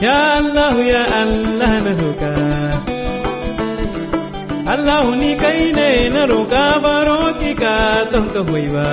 Ya Allah ya Allah na roƙa Allah ni kai ne na roƙa baro ki ka don ka hoyi ba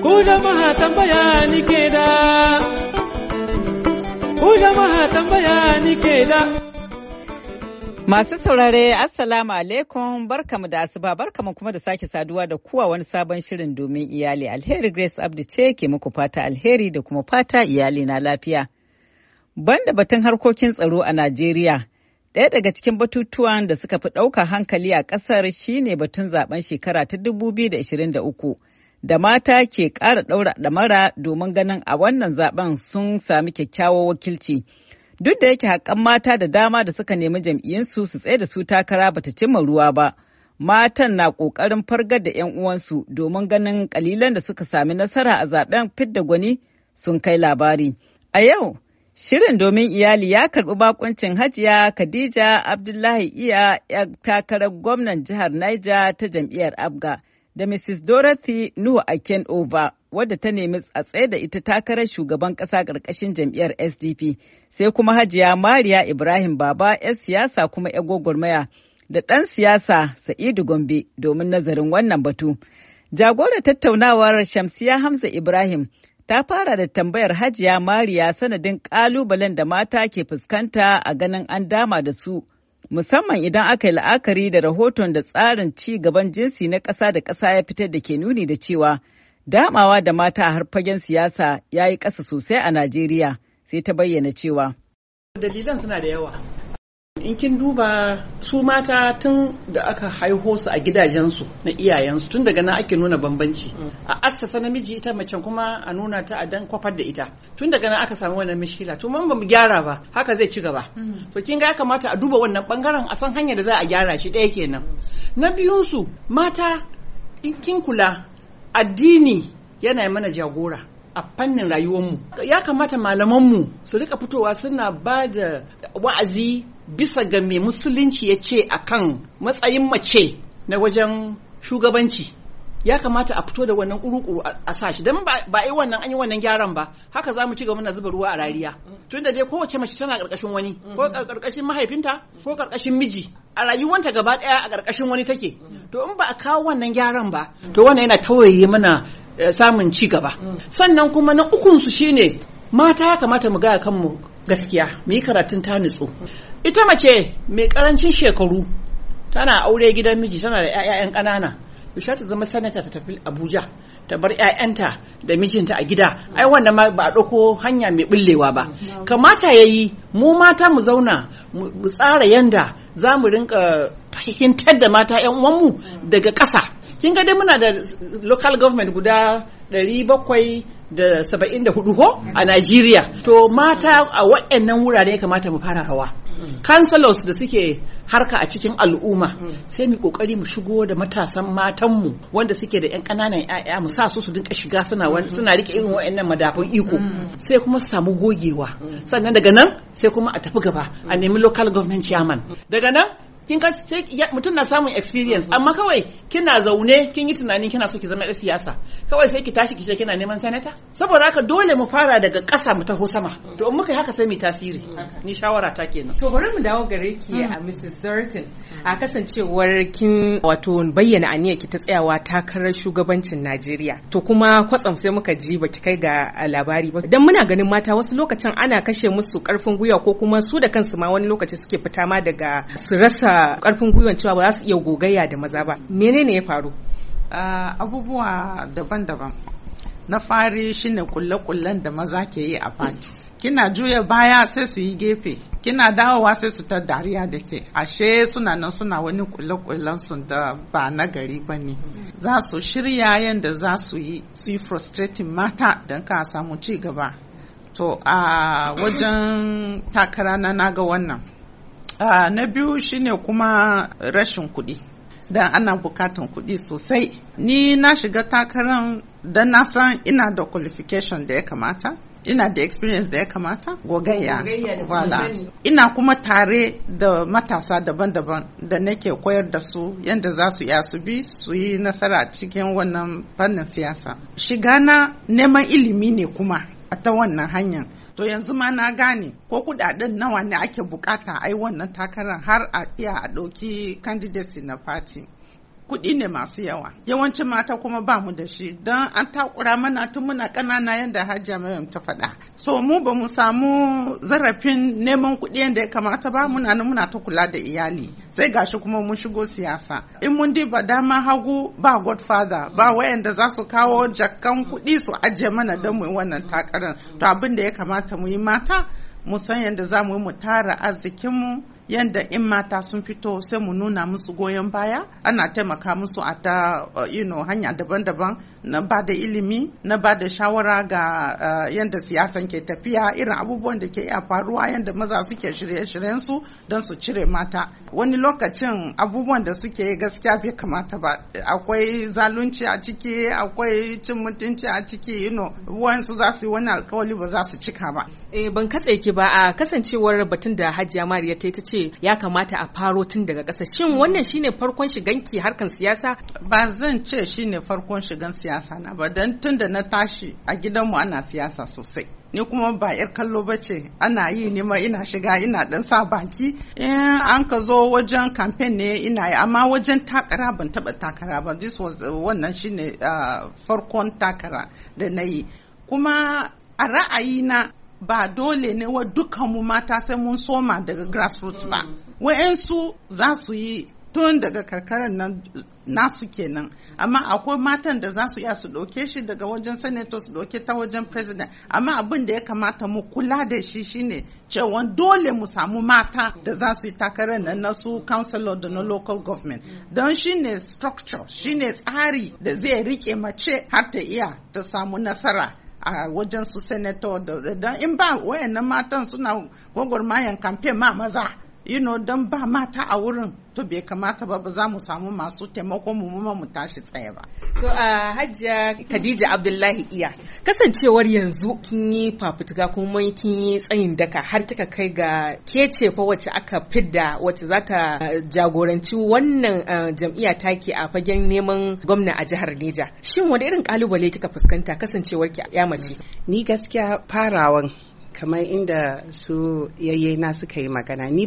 Ku jama'a tambaya ni ke da Ku jama'a tambaya ni ke da Masu saurare Assalamu alaikum barkamu da asuba barkamu kuma da sake saduwa da kuwa wani sabon shirin domin iyali alheri Grace Abdi ce ke muku fata alheri da kuma fata iyali na lafiya. Banda batun harkokin tsaro a Najeriya, ɗaya daga cikin batutuwan da suka fi ɗauka hankali a ƙasar shine batun zaben shekara ta 2023 da mata ke ƙara ɗaura ɗamara domin ganin a wannan zaben sun sami kyakkyawan wakilci. Duk da yake haƙƙan mata da dama da suka nemi jam'iyyinsu su tsaye da su takara bata cimma ruwa ba. Matan na ƙoƙarin fargar da 'yan uwansu domin ganin ƙalilan da suka sami nasara a zaben fidda gwani sun kai labari. A yau, Shirin domin iyali ya karbi bakuncin Hajiya Khadija Abdullahi Iya takarar gwamnan jihar Niger ta jam'iyyar Abga da Mrs. Dorothy Nuhu Aken Over wadda ta nemi a tsaye da ita takarar shugaban ƙasa ƙarƙashin jam'iyyar SDP sai kuma Hajiya Mariya Ibrahim Baba 'yar siyasa kuma 'yar gwagwarmaya da ɗan siyasa Sa'idu Gombe domin nazarin wannan batu. Jagorar tattaunawar Shamsiya Hamza Ibrahim ta fara da tambayar hajiya mariya sanadin ƙalubalen da mata ke fuskanta a ganin an dama da su musamman idan aka yi la'akari da rahoton da tsarin ci gaban jinsi na ƙasa da ƙasa ya fitar da ke nuni da cewa damawa da mata har fagen siyasa ya yi ƙasa sosai a najeriya sai ta bayyana cewa dalilan suna da yawa in kin duba su mata tun da aka haiho su a gidajensu na iyayensu tun daga na ake nuna bambanci a assasa namiji ita mace kuma a nuna ta a dan kwafar da ita tun daga na aka samu wannan mishkila to mun bamu gyara ba haka zai ci gaba mm. to kin ga ya kamata a duba wannan bangaren a san hanyar da za a gyara shi ɗaya kenan na biyun su mata in kin kula addini yana mana jagora a fannin rayuwarmu ya kamata malaman mu su rika fitowa suna ba da wa'azi bisa ga mai musulunci ya ce a kan matsayin mace na wajen shugabanci ya kamata a fito da wannan kuru-kuru a sashi don ba yi wannan an yi wannan gyaran ba haka za mu ci gaba na zuba ruwa a rariya tun da dai kowace mace tana karkashin wani ko karkashin mm-hmm. mahaifinta ko karkashin miji a rayuwanta gaba daya a karkashin wani take mm-hmm. to in ba a kawo wannan gyaran ba to wannan yana tawaye mana eh, samun ci gaba mm-hmm. sannan kuma na ukunsu su shine mata ya kamata mu gaya kanmu gaskiya mu karatun ta nutsu ita mace mai karancin shekaru tana aure gidan miji tana da 'ya'yan ƙanana Bisha ta zama sanata ta tafi Abuja ta bar 'ya'yanta da mijinta a gida ai wannan ma ba a ɗauko hanya mai ɓullewa ba kamata ya yi mu mata mu zauna mu tsara yanda za mu rinka fahimtar da mata 'yan uwanmu daga ƙasa kin ga dai muna da local government guda 700 da saba'in da hudu ko. a Najeriya. To mata a waɗannan wurare ya kamata mu fara rawa. Councilors da suke harka a cikin al'umma sai mu kokari mu shigo da matasan matanmu wanda suke da 'yan ƙananan 'ya'ya mu sa su su dinka shiga suna suna rike irin waɗannan madafun iko sai kuma su samu gogewa sannan daga nan sai kuma a tafi gaba a nemi local government chairman daga nan kin ka sai mutum na samun experience mm-hmm. amma kawai kina zaune kin yi tunanin kina so ki zama yar siyasa kawai sai ki tashi ki ce kina neman sanata saboda haka dole mu fara daga ƙasa mu taho sama mm-hmm. to in muka haka sai mu tasiri mm-hmm. ni shawara ta kenan to bari mu dawo gare ki a Mrs. Thurton a kasancewar kin wato bayyana aniyar ki ta tsayawa takarar shugabancin Najeriya to kuma kwatsam sai muka ji baki kai ga labari ba dan muna ganin mata wasu lokacin ana kashe musu karfin gwiwa ko kuma su da kansu ma wani lokaci suke fita ma daga su rasa karfin gwiwan cewa ba za su iya gogayya da maza ba menene ya faru abubuwa daban-daban na fari shine kulle-kullen da maza ke yi a fati kina juya baya sai su yi gefe kina dawowa sai su ta dariya da ke ashe suna nan suna wani kulle-kullen su da ba na gari ba ne za su shirya yadda za su yi su yi frustrating mata don ka samu ci gaba to a wajen takara na naga wannan Uh, na biyu shine kuma rashin kuɗi. Dan ana bukatan kuɗi sosai. Ni na shiga takarar da na san ina da qualification da ya kamata. Ina da experience da ya kamata gogayya wala ina kuma tare da matasa daban-daban da nake koyar da su yadda za su iya su bi su yi nasara cikin wannan fannin siyasa shiga na neman ilimi ne kuma a ta wannan hanyar to yanzu ma na gane ko kudaden nawa ne ake bukata ai wannan takarar har a iya a ɗauki candidacy na party kuɗi ne masu yawa yawancin mata kuma ba mu da shi don an takura mana tun muna ƙanana yadda hajiya maryam ta faɗa so mu ba mu samu zarafin neman kuɗi yadda ya kamata ba muna nan muna ta kula da iyali sai gashi kuma mun shigo siyasa in mun diba dama hagu ba godfather ba wayanda za su kawo jakkan kuɗi su ajiye mana don mu wannan takarar to abin da ya kamata mu yi mata mu san yadda za mu yi mu tara arzikinmu yanda in mata sun fito sai mu nuna musu goyon baya ana taimaka musu a ta uh, you hanya daban-daban na ba da ilimi na ba da shawara ga uh, yanda siyasan ke tafiya irin abubuwan da ke iya faruwa yanda maza suke shirye-shiryen su don su cire mata wani lokacin abubuwan da suke gaskiya bai kamata ba akwai zalunci a ciki akwai cin mutunci a ciki you know, su za su yi wani alkawali ba za su cika ba eh, ban katse ki ba a kasancewar batun da Hajiya Mariya ta ce ce ya kamata a faro tun daga ƙasa shin wannan shine farkon shiganki harkan siyasa ba zan ce shine farkon shigan siyasa na ba dan tun da na tashi a gidan mu ana siyasa sosai ni kuma ba yar kallo ba ce ana yi ne ma ina shiga ina dan sa baki in an ka zo wajen campaign ne ina yi amma wajen takara ban taba takara ba this was uh, wannan shine uh, farkon takara da na yi kuma a ra'ayina ba dole ne wa dukkanmu mata sai mun soma daga grassroots ba mm. wa'yansu za su yi tun daga karkarar nan nasu kenan amma akwai matan da za su iya su ɗauke shi daga wajen senator su ɗauke ta wajen president amma abin da ya kamata mu kula da shi shine cewa dole mu samu mata da za su yi takarar nan na su councilor da na local government don shine structure shine tsari da zai rike mace har ta iya ta samu nasara a wajen su senator da in ba wayan wayannan matan suna gwagwarmayan kamfe ma maza you know don ba mata a wurin to bai kamata ba ba za mu samu masu taimako mu mu tashi tsaye ba To a hajjia Khadija Abdullahi iya kasancewar yanzu kin yi fafutuka kuma kin yi tsayin daka har kika kai ga kece fa wacce aka fidda wacce za ta jagoranci wannan jam'iyya take a fagen neman gwamna a jihar Neja. Shin wani irin kalubale kika fuskanta kasancewar ki ya mace? Ni gaskiya farawan kamar inda su yayye na suka yi magana ni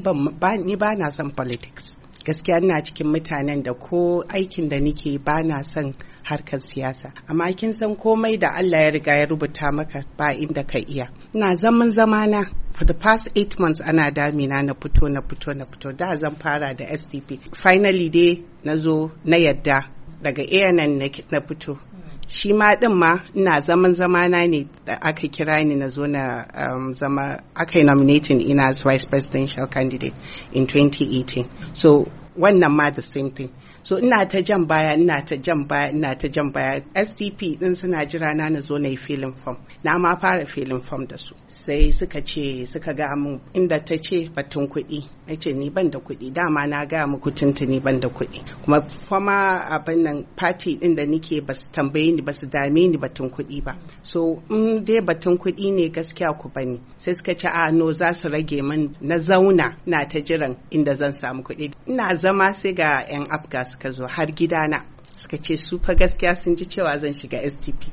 ba na son politics gaskiya ina cikin mutanen da ko aikin da nike ba na son harkar siyasa amma kin san komai da Allah ya riga ya rubuta maka ba inda ka iya ina zaman zamana for the past eight months ana damina na fito na fito na fito da zan fara da SDP finally dai na zo na yadda daga ANN na fito shi ma din ma ina zaman zamana ne da aka kira ni na zo na um, zama aka yi nominating ina as vice presidential candidate in 2018 so wannan ma the same thing so ina ta jan baya ina ta jan baya ina ta jan baya stp din suna jira na na zo na yi filin fom na ma fara filin fom da su sai suka ce suka ga mu inda ta ce batun kuɗi ya ce ni ban da kuɗi dama na ga muku ni ban da kuɗi kuma kuma abin nan party din da nike ba su tambaye ni ba su dame ni batun kuɗi ba so in dai batun kuɗi ne gaskiya ku bani sai suka ce a ah, no za su rage min na zauna na ta jiran inda zan samu kuɗi ina zama sai ga yan afgas suka zo har gidana suka ce su fa gaskiya sun ji cewa zan shiga sdp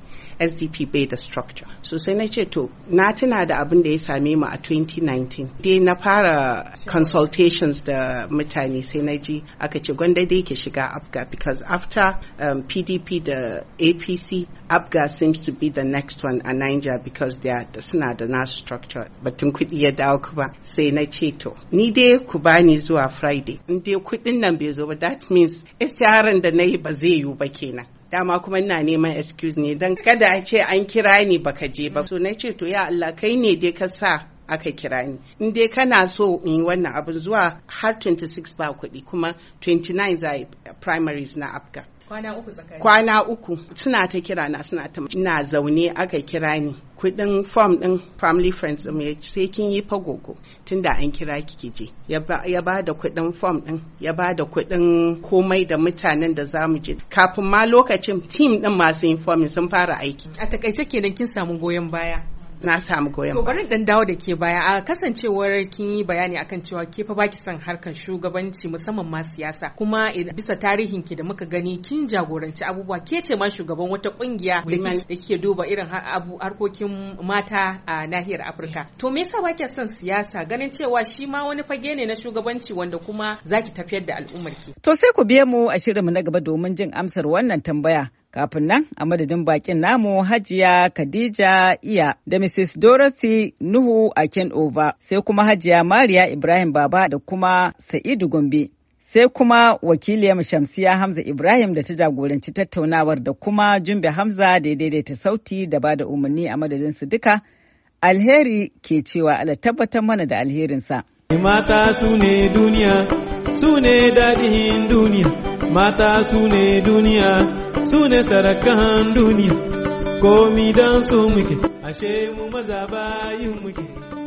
sdp bai da structure so sai na ce to na tuna da abin da ya same mu a 2019 dai na fara consultations da mutane sai na ji aka ce gwanda dai ke shiga apga because after um, pdp da apc abga seems to be the next one a niger because they are suna da na structure batun kuɗi ya dawo kuma sai na ce to ni dai ku bani zuwa friday in dai kuɗin nan bai zo ba that means istiharan da na yi ba zai yiwu ba kenan dama kuma ina neman excuse ne don kada a ce an kira ni baka je ba to na ce to ya Allah kai ne dai ka sa aka kira ni in dai kana so in yi wannan abin zuwa har 26 ba kuɗi kuma 29 za primaries na afghan kwana uku suna ta kira na suna ta ina zaune aka kira ni kudin fom din family friends din sai kin yi fagogo tunda an kira kike je ya ba da kudin form din ya ba da kudin komai da mutanen da za mu je kafin ma lokacin tim din masu informing sun fara aiki a takaice kenan kin samu goyon baya na samu goyon baya. Gobarin dan dawo da ke baya a kasancewar kin yi bayani akan cewa ke fa baki son harkar shugabanci musamman ma siyasa kuma bisa tarihin ki da muka gani kin jagoranci abubuwa ke ce ma shugaban wata kungiya da ke duba irin harkokin mata a nahiyar Afirka. To me yasa baki son siyasa ganin cewa shi ma wani fage ne na shugabanci wanda kuma zaki tafiyar da al'ummar ki. To sai ku biye mu a shirinmu na gaba domin jin amsar wannan tambaya. Kafin nan a madadin bakin namu Hajiya Khadija Iya da Mrs. Dorothy Nuhu a over sai kuma Hajiya Mariya Ibrahim Baba da kuma Sa'idu Gombe. Sai kuma wakiliyar Shamsiya Hamza Ibrahim da ta jagoranci tattaunawar da kuma Jumbe Hamza da ya daidaita sauti da ba da umarni a madadin su duka. Alheri ke cewa ala tabbatar mana da alherinsa. Mata su ne duniya su ne daɗin duniya mata su duniya su ne sarakan duniya komi don su muke ashe mu maza bayin muke